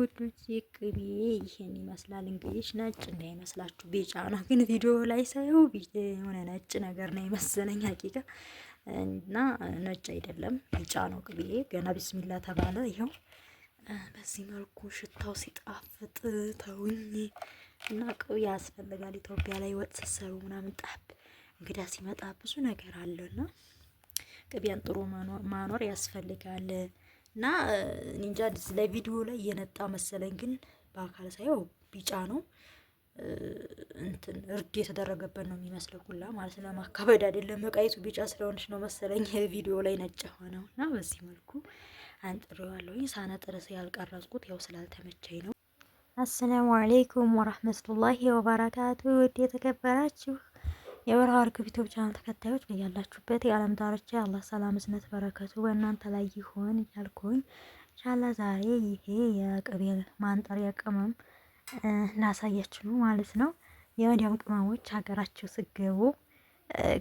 ውዶች ቅቤ ይሄን ይመስላል እንግዲህ። ነጭ እንዳይመስላችሁ ቢጫ ነው፣ ግን ቪዲዮ ላይ ሳየው የሆነ ነጭ ነገር ነው የመሰለኝ ሀቂቃ እና ነጭ አይደለም ቢጫ ነው ቅቤ። ገና ቢስሚላ ተባለ። ይኸው በዚህ መልኩ ሽታው ሲጣፍጥ ተውኝ እና ቅቤ ያስፈልጋል። ኢትዮጵያ ላይ ወጥ ስትሰሩ ምናምን ጣብ እንግዳ ሲመጣ ብዙ ነገር አለና ቅቤን ጥሩ ማኖር ያስፈልጋል። እና እንጃ ለቪዲዮ ላይ የነጣ መሰለኝ፣ ግን በአካል ሳየው ቢጫ ነው። እንትን እርድ የተደረገበት ነው የሚመስለው ሁላ ማለት ለማካበድ አይደለም። መቃየቱ ቢጫ ስለሆነች ነው መሰለኝ ቪዲዮ ላይ ነጭ ሆነው እና በዚህ መልኩ አንጥሬዋለሁኝ። ሳነጥርስ ያልቀረጽኩት ያው ስላልተመቸኝ ነው። አሰላሙ አሌይኩም ወራህመቱላሂ ወበረካቱ። ውድ የተከበራችሁ የበረሃ ርግብ ዩቲዩብ ቻናል ተከታዮች በያላችሁበት የዓለም ዳርቻ አላህ ሰላም እዝነት በረከቱ በእናንተ ላይ ይሆን እያልኩኝ ሻላ ዛሬ ይሄ የቅቤ ማንጠሪያ ቅመም ላሳያችሁ ነው ማለት ነው። የመዲያም ቅመሞች ሀገራችሁ ስገቡ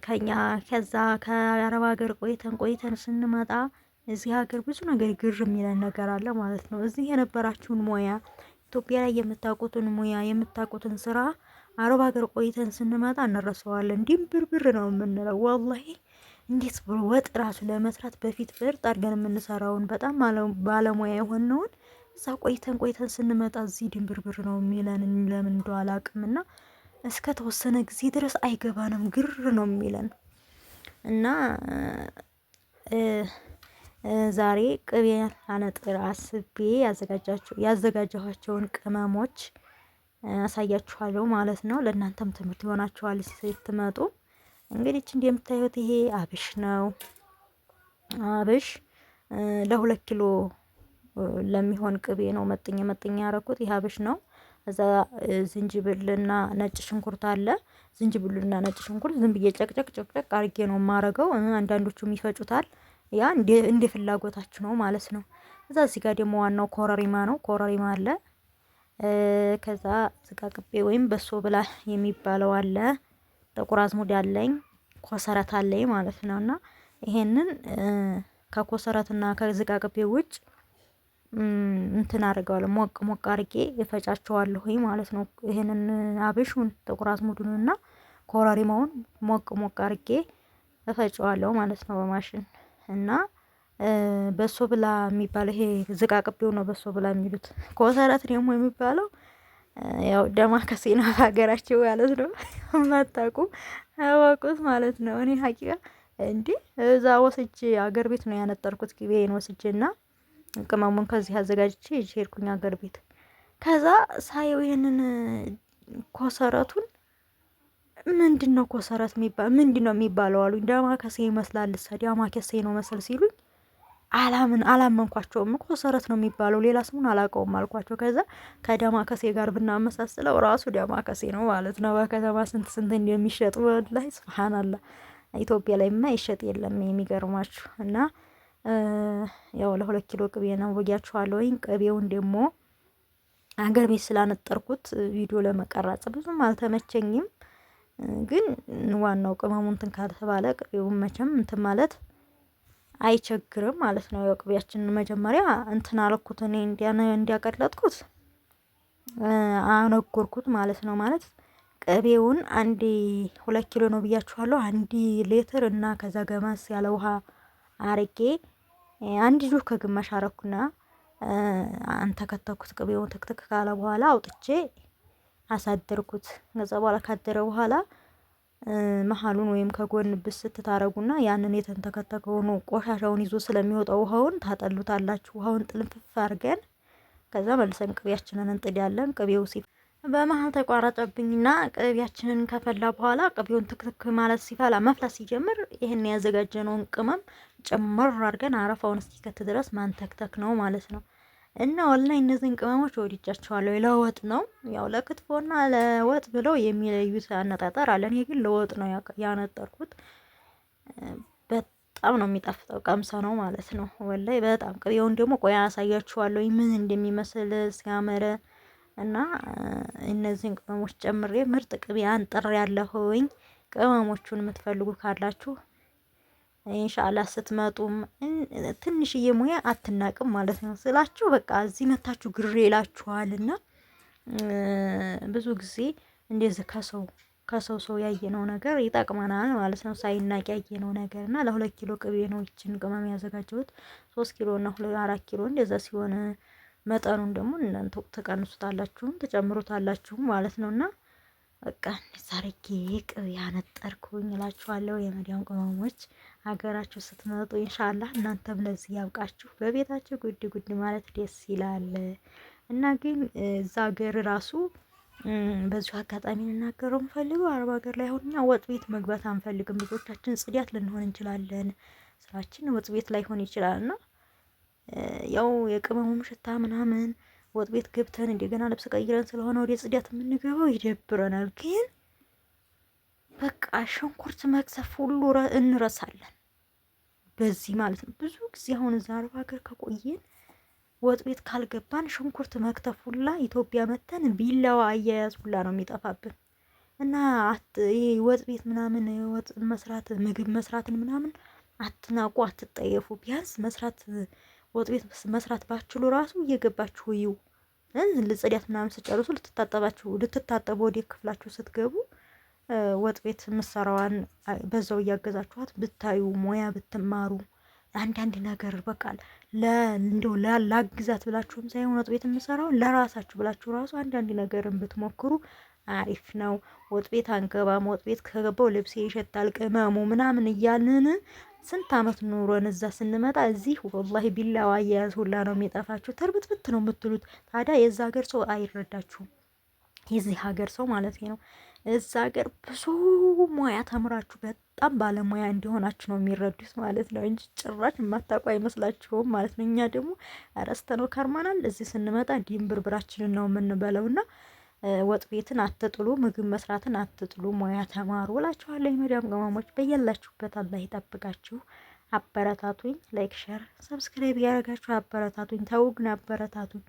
ከኛ ከዛ ከአረብ ሀገር ቆይተን ቆይተን ስንመጣ እዚህ ሀገር ብዙ ነገር ግር የሚለን ነገር አለ ማለት ነው። እዚህ የነበራችሁን ሙያ ኢትዮጵያ ላይ የምታውቁትን ሙያ የምታውቁትን ስራ አረብ ሀገር ቆይተን ስንመጣ እንረሰዋለን። ድንብርብር ነው የምንለው ወላሂ። እንዴት ብሎ ወጥ ራሱ ለመስራት በፊት ብርጥ አድርገን የምንሰራውን በጣም ባለሙያ የሆነውን እዛ ቆይተን ቆይተን ስንመጣ እዚህ ድንብርብር ነው የሚለን ለምን እንደ አላውቅም። እና እስከ ተወሰነ ጊዜ ድረስ አይገባንም፣ ግር ነው የሚለን እና ዛሬ ቅቤ አነጥር አስቤ ያዘጋጃቸውን ቅመሞች አሳያችኋለሁ ማለት ነው። ለእናንተም ትምህርት ይሆናችኋል ስትመጡ። እንግዲህ እንደምታዩት ይሄ አብሽ ነው። አብሽ ለሁለት ኪሎ ለሚሆን ቅቤ ነው መጥኝ መጥኝ ያረኩት። ይህ አብሽ ነው። እዛ ዝንጅብልና ነጭ ሽንኩርት አለ። ዝንጅብልና ነጭ ሽንኩርት ዝም ብዬ ጨቅጨቅ ጨቅጨቅ አርጌ ነው የማረገው። አንዳንዶቹም ይፈጩታል። ያ እንደ ፍላጎታችሁ ነው ማለት ነው። እዛ እዚህ ጋር ደግሞ ዋናው ኮረሪማ ነው። ኮረሪማ አለ ከዛ ስጋ ቅቤ ወይም በሶ ብላ የሚባለው አለ። ጥቁር አዝሙድ አለኝ፣ ኮሰረት አለኝ ማለት ነው። እና ይሄንን ከኮሰረትና ከስጋ ቅቤ ውጭ እንትን አድርገዋለሁ፣ ሞቅ ሞቅ አድርጌ እፈጫቸዋለሁ ማለት ነው። ይሄንን አብሹን፣ ጥቁር አዝሙዱንና ኮረሪማውን ሞቅ ሞቅ አድርጌ እፈጨዋለሁ ማለት ነው በማሽን እና በሶ ብላ የሚባለው ይሄ ዝቃቅቤው ነው። በሶ ብላ የሚሉት ኮሰረት ደግሞ የሚባለው ያው ደማ ከሴና ሀገራቸው ማለት ነው። የማታውቁ አወቁት ማለት ነው። እኔ ሀቂቃ እንዲህ እዛ ወስጄ አገር ቤት ነው ያነጠርኩት ቂቤን ወስጄ እና ቅመሙን ከዚህ አዘጋጅቼ ይዤ ሄድኩኝ አገር ቤት። ከዛ ሳየው ይህንን ኮሰረቱን ምንድን ነው ኮሰረት የሚባል ምንድን ነው የሚባለው አሉኝ። ደማ ከሴ ይመስላል። ከሴ ነው መስል ሲሉኝ አላምን አላመንኳቸውም እኮ ሰረት ነው የሚባለው ሌላ ስሙን አላውቀውም አልኳቸው። ከዛ ከደማከሴ ጋር ብናመሳስለው ራሱ ደማከሴ ነው ማለት ነው። በከተማ ስንት ስንት እንደሚሸጡ ላይ ስብሓናላ ኢትዮጵያ ላይ ማ ይሸጥ የለም የሚገርማችሁ። እና ያው ለሁለት ኪሎ ቅቤ ነው ወጊያችኋለሁ። ወይም ቅቤውን ደግሞ አገር ቤት ስላነጠርኩት ቪዲዮ ለመቀረጽ ብዙም አልተመቸኝም፣ ግን ዋናው ቅመሙን እንትን ካልተባለ ቅቤውን መቼም እንትን ማለት አይቸግርም ማለት ነው። ያው ቅቤያችንን መጀመሪያ እንትን አለኩት እኔ እንዲያቀለጥኩት አነጎርኩት ማለት ነው። ማለት ቅቤውን አንድ ሁለት ኪሎ ነው ብያችኋለሁ። አንድ ሌትር እና ከዛ ገመስ ያለ ውሃ አርጌ አንድ ጁ ከግማሽ አረኩና አንተከተኩት። ቅቤውን ትክትክ ካለ በኋላ አውጥቼ አሳደርኩት። ከዛ በኋላ ካደረ በኋላ መሀሉን ወይም ከጎን ብስት ታረጉና ያንን የተንተከተከውን ቆሻሻውን ይዞ ስለሚወጣው ውሃውን ታጠሉታላችሁ። ውሃውን ጥልፍፍ አርገን ከዛ መልሰን ቅቤያችንን እንጥዳለን። ቅቤው ሲ በመሀል ተቋረጠብኝና ቅቤያችንን ከፈላ በኋላ ቅቤውን ትክትክ ማለት ሲፈላ መፍላት ሲጀምር ይህን ያዘጋጀነውን ቅመም ጭምር አድርገን አረፋውን እስኪከት ድረስ ማንተክተክ ነው ማለት ነው። እና ወላሂ እነዚህን ቅመሞች ወድጃቸዋለሁ። ለወጥ ነው ያው ለክትፎና ለወጥ ብለው የሚለዩት አነጣጠር አለ። እኔ ግን ለወጥ ነው ያነጠርኩት። በጣም ነው የሚጣፍጠው። ቀምሰ ነው ማለት ነው ወላሂ በጣም ቅቤውን ደግሞ ቆይ አሳያችኋለሁ ምን እንደሚመስል ሲያመረ እና እነዚህን ቅመሞች ጨምሬ ምርጥ ቅቤ አንጥሬ ቅመሞቹን የምትፈልጉ ካላችሁ ኢንሻአላህ ስትመጡም ትንሽዬ ሙያ አትናቅም ማለት ነው ስላችሁ በቃ እዚህ መታችሁ ግሬ ይላችኋልና ብዙ ጊዜ እንደዚህ ከሰው ከሰው ሰው ያየነው ነገር ይጠቅመናል ማለት ነው። ሳይናቅ ያየነው ነገር እና ለሁለት ኪሎ ቅቤ ነው ይችን ቅመም ያዘጋጀሁት ሶስት ኪሎ እና አራት ኪሎ እንደዛ ሲሆን መጠኑን ደግሞ እናንተ ትቀንሱታላችሁም ትጨምሩታላችሁም ማለት ነው እና በቃ ዛሬ ጌቅ ያነጠርኩኝ እላችኋለሁ የመዲያም ቅመሞች ሀገራችሁ ስትመጡ ኢንሻላህ እናንተም ለዚህ ያብቃችሁ። በቤታችሁ ጉድ ጉድ ማለት ደስ ይላል እና ግን እዛ ሀገር ራሱ በዚሁ አጋጣሚ ልናገረው እንፈልገው አረብ ሀገር ላይ ሆንና ወጥ ቤት መግባት አንፈልግም። ብዙቻችን ጽዳት ልንሆን እንችላለን። ስራችን ወጥ ቤት ላይ ሆን ይችላል እና ያው የቅመሙም ሽታ ምናምን ወጥ ቤት ገብተን እንደገና ልብስ ቀይረን ስለሆነ ወደ ጽዳት የምንገባው ይደብረናል። ግን በቃ ሽንኩርት መክሰፍ ሁሉ እንረሳለን። በዚህ ማለት ነው። ብዙ ጊዜ አሁን እዛ አረብ ሀገር ከቆየን ወጥ ቤት ካልገባን ሽንኩርት መክተፍ ሁላ ኢትዮጵያ መተን ቢላዋ አያያዝ ሁላ ነው የሚጠፋብን እና ይሄ ወጥ ቤት ምናምን ወጥ መስራት ምግብ መስራትን ምናምን አትናቁ፣ አትጠየፉ። ቢያንስ መስራት ወጥ ቤት መስራት ባችሉ ራሱ እየገባችሁ ይዩ። ልጽዳት ምናምን ስጨርሱ ልትታጠባችሁ ልትታጠቡ ወደ ክፍላችሁ ስትገቡ ወጥ ቤት የምትሰራዋን በዛው እያገዛችኋት ብታዩ ሙያ ብትማሩ አንዳንድ ነገር በቃል ለእንዲያው ላግዛት ብላችሁም ሳይሆን ወጥ ቤት የምሰራው ለራሳችሁ ብላችሁ ራሱ አንዳንድ ነገርን ብትሞክሩ አሪፍ ነው። ወጥ ቤት አንገባም። ወጥ ቤት ከገባው ልብሴ ይሸታል፣ ቅመሙ ምናምን እያልን ስንት ዓመት ኑሮን እዛ ስንመጣ እዚህ ወላሂ ቢላዋ አያያዝ ሁላ ነው የሚጠፋችሁ። ተርብትብት ነው የምትሉት። ታዲያ የዛ ሀገር ሰው አይረዳችሁም። የዚህ ሀገር ሰው ማለት ነው። እዛ ሀገር ብዙ ሙያ ተምራችሁ በጣም ባለሙያ እንዲሆናችሁ ነው የሚረዱት ማለት ነው እንጂ ጭራሽ የማታውቁ አይመስላችሁም ማለት ነው። እኛ ደግሞ ረስተ ነው ከርማናል። እዚህ ስንመጣ ድንብርብራችንን ነው የምንበለው ና ወጥ ቤትን አትጥሉ፣ ምግብ መስራትን አትጥሉ፣ ሙያ ተማሩ እላችኋለሁ። የመዳም ቅመሞች በያላችሁበት አላህ ይጠብቃችሁ። አበረታቱኝ። ላይክ፣ ሸር፣ ሰብስክራይብ ያደረጋችሁ አበረታቱኝ። ተውግን አበረታቱኝ።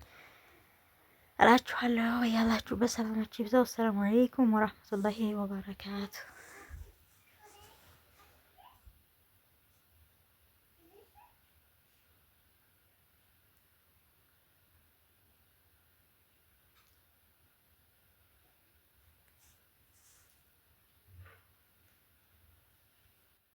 እላችኋለሁ። ያላችሁ በሰላማችሁ ይብዛ። ወሰላሙ አሌይኩም ወረህመቱላሂ ወበረካቱ